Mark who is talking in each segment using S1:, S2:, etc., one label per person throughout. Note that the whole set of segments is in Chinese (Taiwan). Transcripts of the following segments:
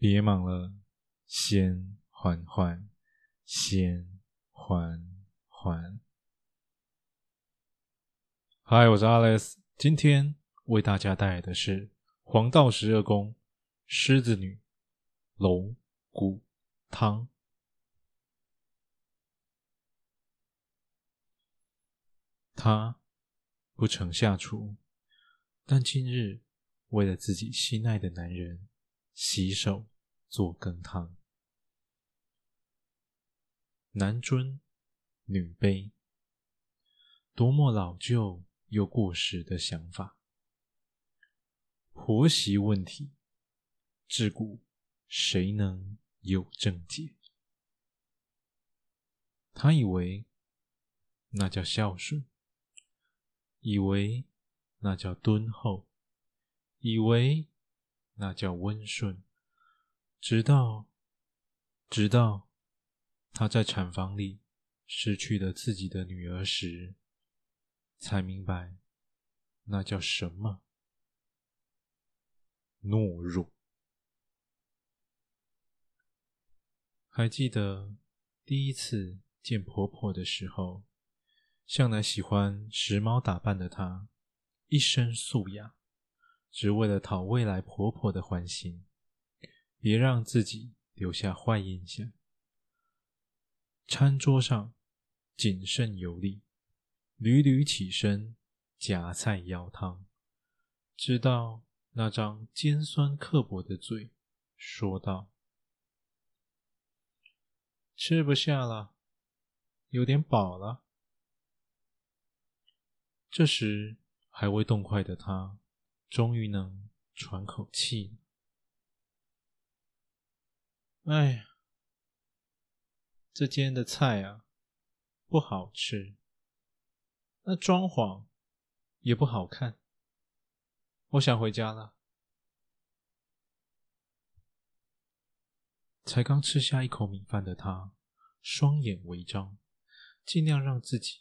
S1: 別忙了，先緩緩，先緩緩。嗨，我是 Alice，今天為大家帶來的是黃道十二宮獅子女龍骨湯。她不曾下廚，但今日為了自己心愛的男人。洗手做羹湯，男尊女卑，多麼老舊又過時的想法！婆媳問題，自古誰能有正解？她以為那叫孝順，以為那叫敦厚，以為……那叫溫順，直到直到她在產房裡失去了自己的女兒時，才明白那叫什麼懦弱。還記得第一次見婆婆的時候，向來喜歡時髦打扮的她，一身素雅。只為了討未來婆婆的歡心，別讓自己留下壞印象。餐桌上謹慎有禮，屢屢起身夾菜舀湯，直到那張尖酸刻薄的嘴說道：“吃不下了，有點飽了。”這時還未動筷的她，終於能喘口氣。哎呀，這間的菜啊，不好吃。那裝潢也不好看。我想回家了。才剛吃下一口米飯的她，雙眼微張，盡量讓自己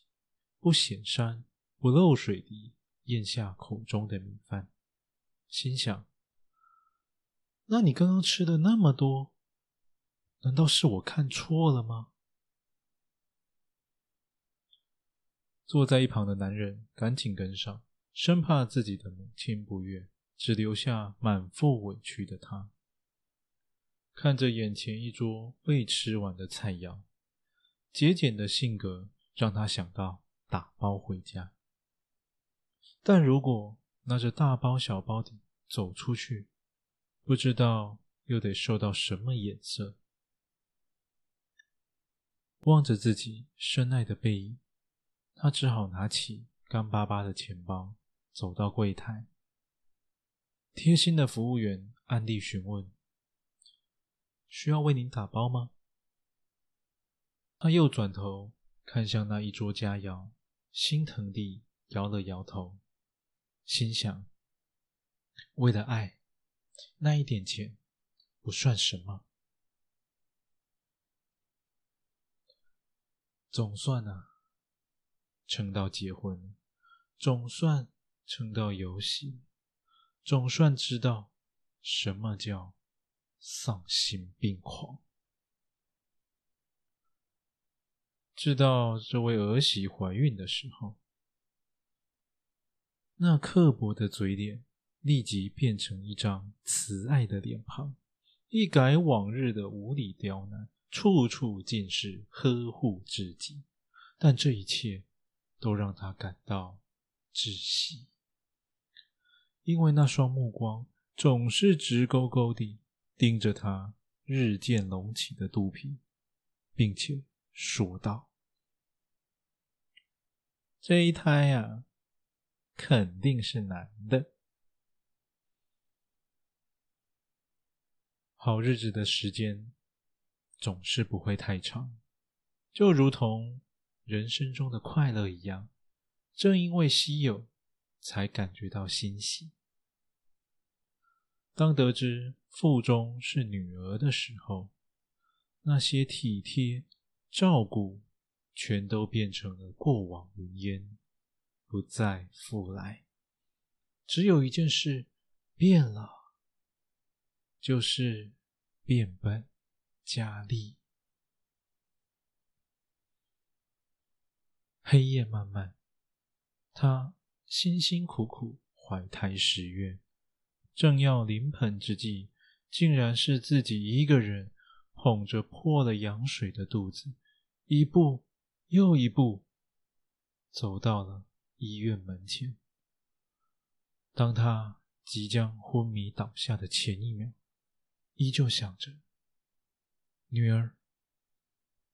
S1: 不顯山不露水地嚥下口中的米飯。心想：“那你剛剛吃的那麼多，難道是我看錯了嗎？”坐在一旁的男人趕緊跟上，生怕自己的母親不悅，只留下滿腹委屈的她。看着眼前一桌未吃完的菜餚，節儉的性格讓她想到打包回家，但如果……拿着大包小包地走出去，不知道又得受到什麼眼色。望着自己深愛的背影，她只好拿起乾巴巴的錢包，走到櫃檯。貼心的服務員按例詢問：“需要為您打包嗎？”她又轉頭看向那一桌佳餚，心疼地搖了搖頭。心想，為了愛，那一點錢不算什麼。總算呢、啊，撐到結婚，總算撐到有喜，總算知道什麼叫喪心病狂。知道這位兒媳懷孕的時候。那刻薄的嘴臉立即變成一張慈愛的臉龐，一改往日的無理刁難，處處盡是呵護自己。但這一切都讓她感到窒息，因為那雙目光總是直勾勾地盯着她日漸隆起的肚皮，並且說道：“這一胎呀、啊。”肯定是男的。好日子的時間，總是不會太長，就如同人生中的快樂一樣，正因為稀有，才感覺到欣喜。當得知腹中是女兒的時候，那些體貼照顧全都變成了過往雲煙。不再復來。只有一件事變了，就是變本加厲。黑夜漫漫，她辛辛苦苦懷胎十月，正要臨盆之際，竟然是自己一個人捧著破了羊水的肚子，一步又一步走到了。醫院門前，當她即將昏迷倒下的前一秒，依舊想着：“女兒，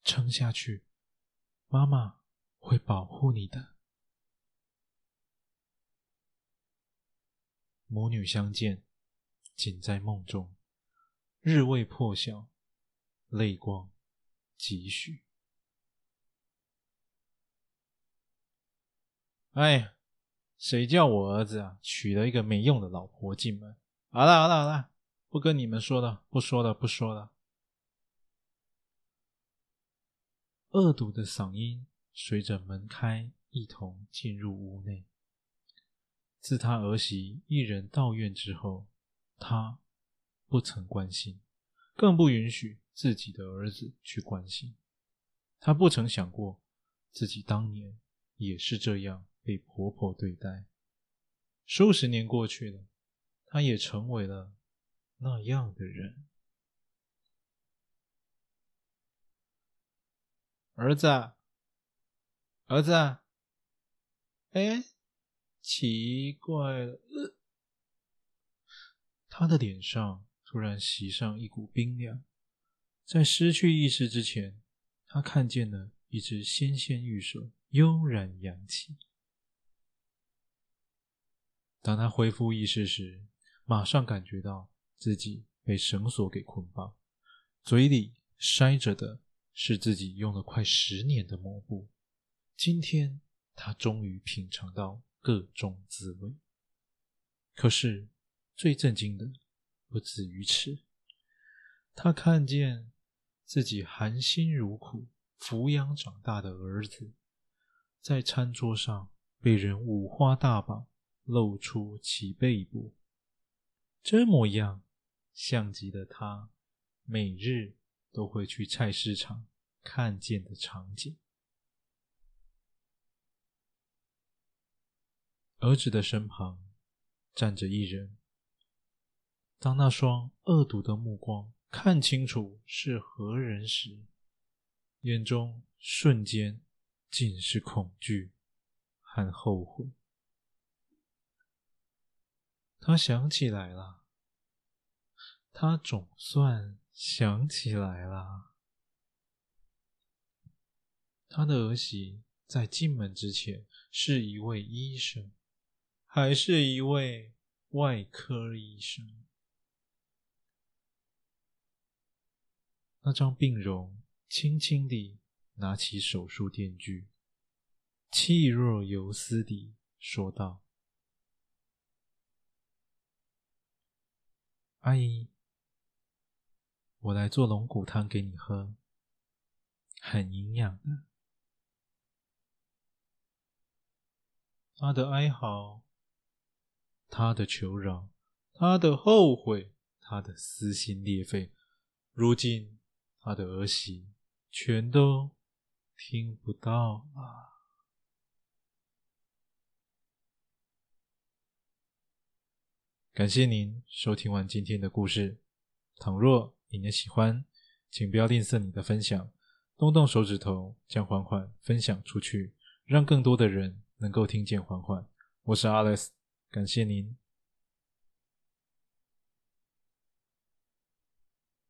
S1: 撐下去，媽媽會保護你的。”母女相見，僅在夢中。日未破曉，淚光幾許。哎呀，誰叫我兒子啊娶了一個沒用的老婆進門？好了好了好了，不跟你們說了，不說了不說了。惡毒的嗓音隨着門開一同進入屋內。自她兒媳一人到院之後，她不曾關心，更不允許自己的兒子去關心。她不曾想過自己當年也是這樣。被婆婆對待，數十年過去了，她也成為了那樣的人。兒子、啊，兒子、啊，哎，奇怪了，她的臉上突然襲上一股冰涼，在失去意識之前，她看見了一只纖纖玉手幽然揚起。當他恢復意識時，馬上感覺到自己被繩索給捆綁，嘴裡塞着的是自己用了快十年的抹布。今天他終於品嘗到各種滋味。可是最震驚的不止於此，他看見自己含辛茹苦撫養長大的兒子，在餐桌上被人五花大綁。露出其背部，這模樣像極了他每日都會去菜市場看見的場景。兒子的身旁站着一人，當那雙惡毒的目光看清楚是何人時，眼中瞬間盡是恐懼和後悔。他想起來了，他總算想起來了。他的兒媳在進門之前是一位醫生，還是一位外科醫生。那張病容，輕輕地拿起手術電鋸，氣若游絲地說道。阿姨，我來做龍骨湯給你喝，很營養的。嗯、她的哀嚎，她的求饒，她的後悔，她的撕心裂肺，如今她的兒媳全都聽不到啊。感謝您收聽完今天的故事。倘若你也喜歡，請不要吝嗇你的分享，動動手指頭將緩緩分享出去，讓更多的人能夠聽見緩緩。我是 Alex，感謝您。